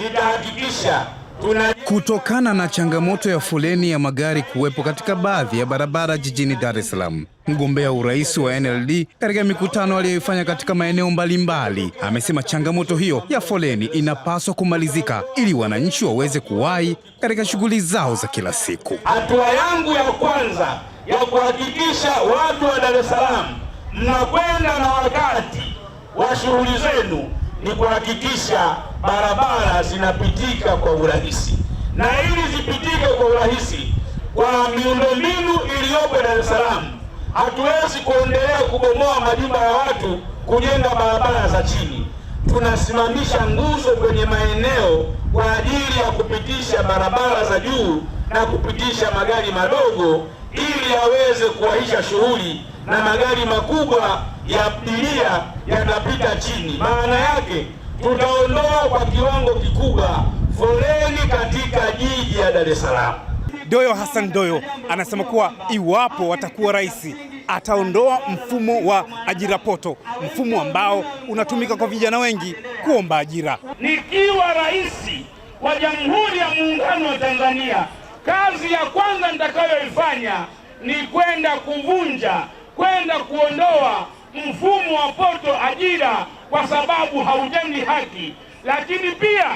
nitahakikisha tuna... Kutokana na changamoto ya foleni ya magari kuwepo katika baadhi ya barabara jijini Dar es Salaam, mgombea urais wa NLD katika mikutano aliyoifanya katika maeneo mbalimbali amesema changamoto hiyo ya foleni inapaswa kumalizika ili wananchi waweze kuwahi katika shughuli zao za kila siku. Hatua yangu ya kwanza ya kuhakikisha watu wa Dar es Salaam mnakwenda na wakati wa shughuli zenu ni kuhakikisha barabara zinapitika kwa urahisi, na ili zipitike kwa urahisi kwa miundombinu iliyopo Dar es Salaam, hatuwezi kuendelea kubomoa majumba ya watu kujenga barabara za chini. Tunasimamisha nguzo kwenye maeneo kwa ajili ya kupitisha barabara za juu na kupitisha magari madogo ili yaweze kuwaisha shughuli na magari makubwa ya abiria yanapita chini. Maana yake tutaondoa kwa kiwango kikubwa foleni katika jiji ya Dar es Salaam. Doyo Hassan Doyo anasema kuwa iwapo watakuwa rais ataondoa mfumo wa ajira poto, mfumo ambao unatumika kwa vijana wengi kuomba ajira. Nikiwa rais wa Jamhuri ya Muungano wa Tanzania, kazi ya kwanza nitakayoifanya ni kwenda kuvunja, kwenda kuondoa mfumo wa poto ajira kwa sababu haujengi haki. Lakini pia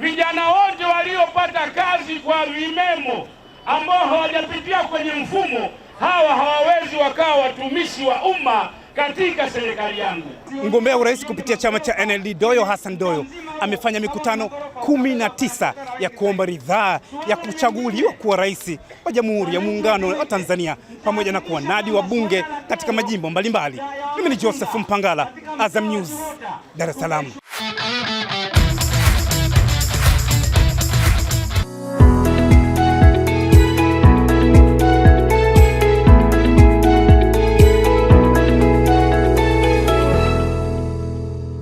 vijana wote waliopata kazi kwa vimemo ambao hawajapitia kwenye mfumo, hawa hawawezi wakawa watumishi wa umma katika serikali yangu. Mgombea urais kupitia chama cha NLD Doyo Hassan Doyo amefanya mikutano kumi na tisa ya kuomba ridhaa ya kuchaguliwa kuwa rais wa Jamhuri ya Muungano wa Tanzania pamoja na kuwa nadi wa bunge katika majimbo mbalimbali. Mimi ni Joseph Mpangala, Azam News, Dar es Salaam.